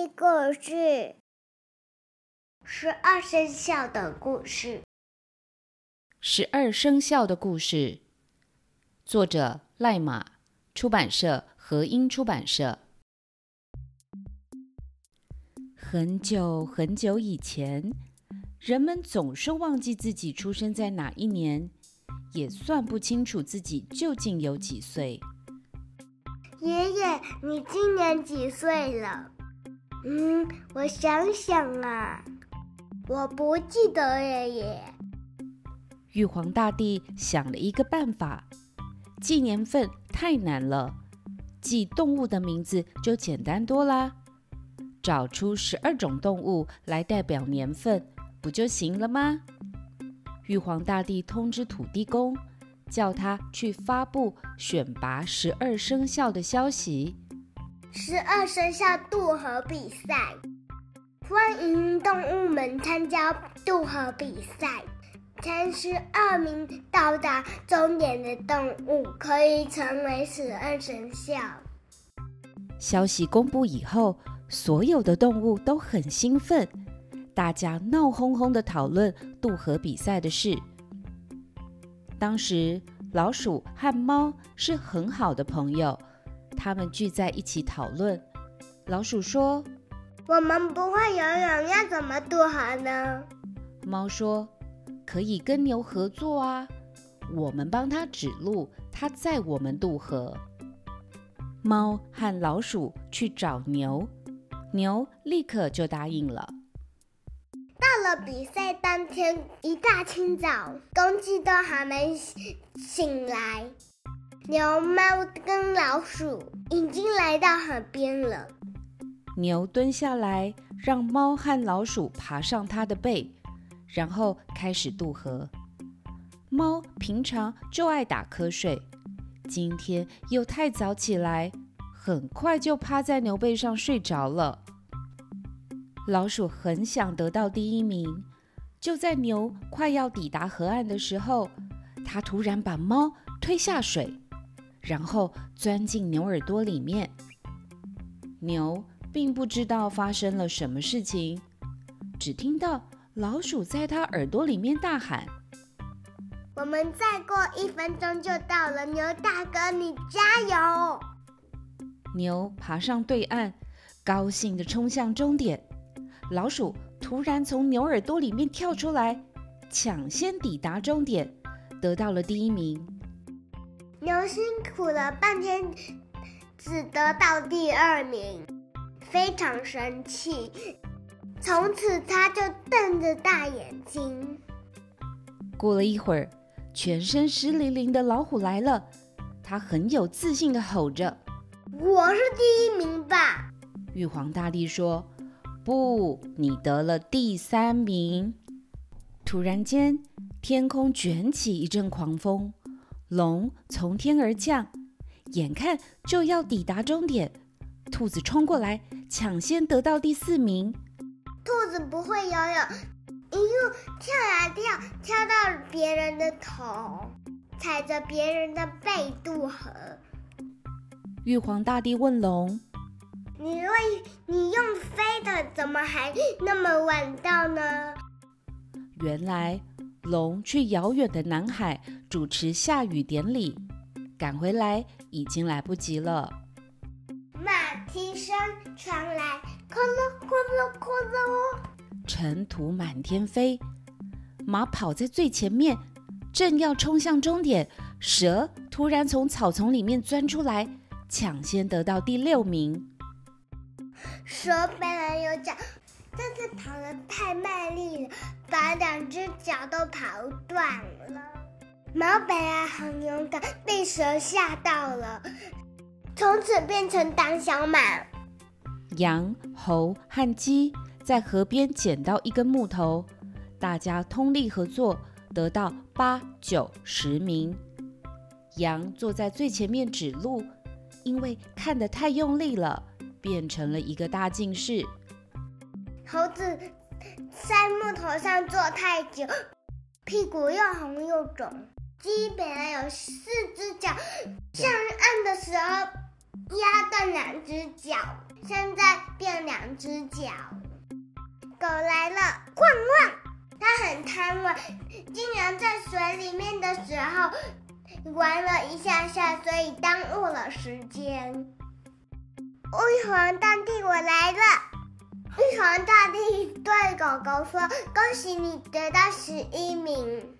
故事：一個是十二生肖的故事。十二生肖的故事，作者賴馬，出版社和英出版社。很久很久以前，人們總是忘記自己出生在哪一年，也算不清楚自己究竟有幾歲。爺爺，你今年幾歲了？嗯，我想想啊，我不記得了耶。玉皇大帝想了一個辦法，記年份太難了，記動物的名字就簡單多啦。找出十二種動物來代表年份，不就行了嗎？玉皇大帝通知土地公，叫他去發布選拔十二生肖的消息。十二生肖渡河比賽，歡迎動物們參加渡河比賽。前十二名到達終點的動物可以成為十二生肖。消息公布以後，所有的動物都很興奮，大家鬧哄哄的討論渡河比賽的事。當時，老鼠和貓是很好的朋友。他們聚在一起討論。老鼠說：“我們不會游泳，要怎麼渡河呢？”貓說：“可以跟牛合作啊，我們幫它指路，它載我們渡河。”貓和老鼠去找牛，牛立刻就答應了。到了比賽當天，一大清早，公雞都還沒醒來。牛、貓跟老鼠已經來到河邊了。牛蹲下來，讓貓和老鼠爬上它的背，然後開始渡河。貓平常就愛打瞌睡，今天又太早起來，很快就趴在牛背上睡着了。老鼠很想得到第一名，就在牛快要抵達河岸的時候，它突然把貓推下水。然後鑽進牛耳朵裡面，牛並不知道發生了什麼事情，只聽到老鼠在它耳朵裡面大喊：“我們再過一分鐘就到了，牛大哥，你加油！”牛爬上對岸，高興地衝向終點。老鼠突然從牛耳朵裡面跳出來，搶先抵達終點，得到了第一名。牛辛苦了半天，只得到第二名，非常生氣。從此，他就瞪着大眼睛。過了一會兒，全身濕淋淋的老虎來了，他很有自信地吼着：“我是第一名吧？”玉皇大帝說：“不，你得了第三名。”突然間，天空捲起一陣狂風。龍從天而降，眼看就要抵達終點，兔子衝過來，搶先得到第四名。兔子不會游泳，哎呦，跳啊跳，跳到別人的頭，踩着別人的背渡河。玉皇大帝問龍：“你為你用飛的，怎麼還那麼晚到呢？”原來，龍去遙遠的南海，主持下雨典禮，趕回來已經來不及了。馬蹄聲傳來，咕嚕咕嚕咕嚕，塵土滿天飛。馬跑在最前面，正要衝向終點，蛇突然從草叢裡面鑽出來，搶先得到第六名。蛇本來有腳，但是跑得太賣力了，把兩隻腳都跑斷了。毛本來、啊、很勇敢，被蛇嚇到了，從此變成膽小馬。羊、猴和雞在河邊撿到一根木頭，大家通力合作，得到八九十名。羊坐在最前面指路，因為看得太用力了，變成了一個大近視。猴子在木頭上坐太久，屁股又紅又腫。雞本來有四隻腳，上岸的時候壓斷兩隻腳，現在變兩隻腳。狗來了，汪汪！它很貪玩，竟然在水裡面的時候玩了一下下，所以耽誤了時間。哦，玉皇大帝，我來了！玉皇大帝對狗狗說：“恭喜你得到十一名。”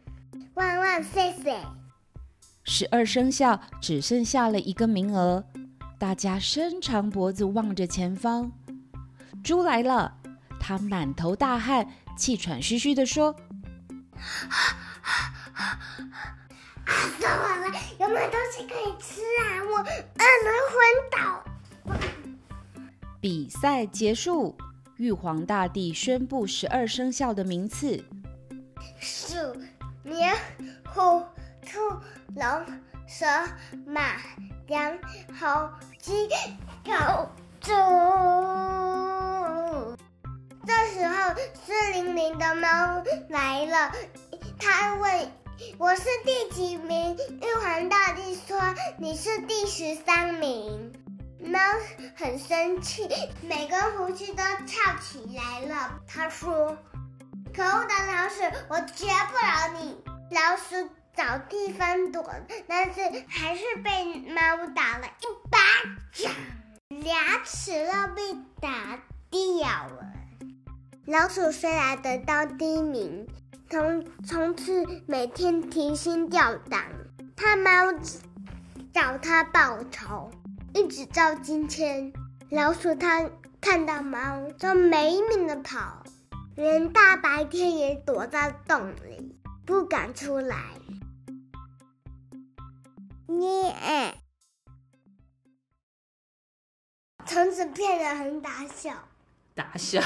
萬萬歲歲！汪汪，謝謝。十二生肖只剩下了一個名額，大家伸長脖子望着前方。豬來了，他滿頭大汗吹吹，氣喘吁吁的說：“啊，啊，啊，餓死我了！有沒有東西可以吃啊？我餓的昏倒。 ”比賽結束，玉皇大帝宣布十二生肖的名次。是。牛、虎、兔、龍、蛇、馬、羊、猴、雞、狗、豬。這時候，濕淋淋的貓來了。他問：“我是第幾名？”玉皇大帝說：“你是第十三名。”貓很生氣，每根鬍鬚都翹起來了。他說：“可惡的！”老鼠，我絕不饒你！老鼠找地方躲，但是還是被貓打了一巴掌，牙齒都被打掉了。老鼠雖然得到第一名，從從此每天提心吊膽，怕貓找他報仇，一直到今天，老鼠它看到貓就沒命的跑。連大白天也躲在洞裡，不敢出來。你、yeah。從此變得很膽小，膽小，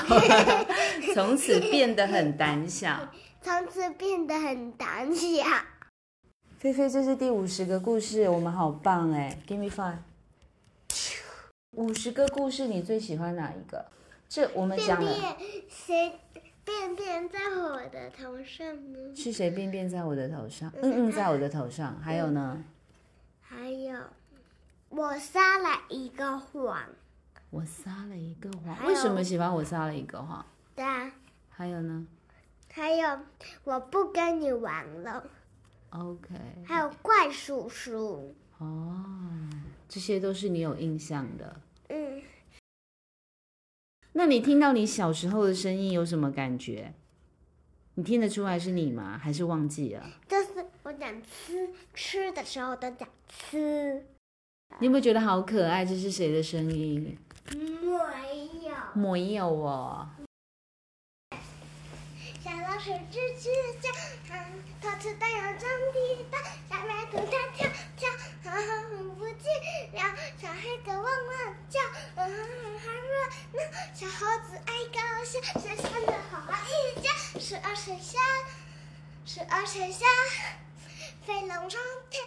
從此變得很膽小，從此變得很膽小。菲菲，這是第五十個故事，我們好棒哎！Give me five。五十個故事，你最喜歡哪一個？這我們講的便便。誰便便在我的頭上呢？是誰便便在我的頭上？嗯嗯，嗯他在我的頭上。還有呢？還有，我撒了一個謊。我撒了一個謊，有為什麼喜歡我撒了一個謊？對啊。還有呢？還有，我不跟你玩了。OK。還有怪叔叔。哦，這些都是你有印象的。那你聽到你小時候的聲音有什麼感覺？你聽得出來是你嗎？還是忘記了？就是我講吃吃的時候我都講吃。你有沒有覺得好可愛？這是誰的聲音？沒有，沒有哦。小老鼠吱吱叫，偷吃大楊張皮包，小白兔跳跳跳，哈哈。呵呵山山的花一家，十二生肖，十二生肖，飛龍衝天。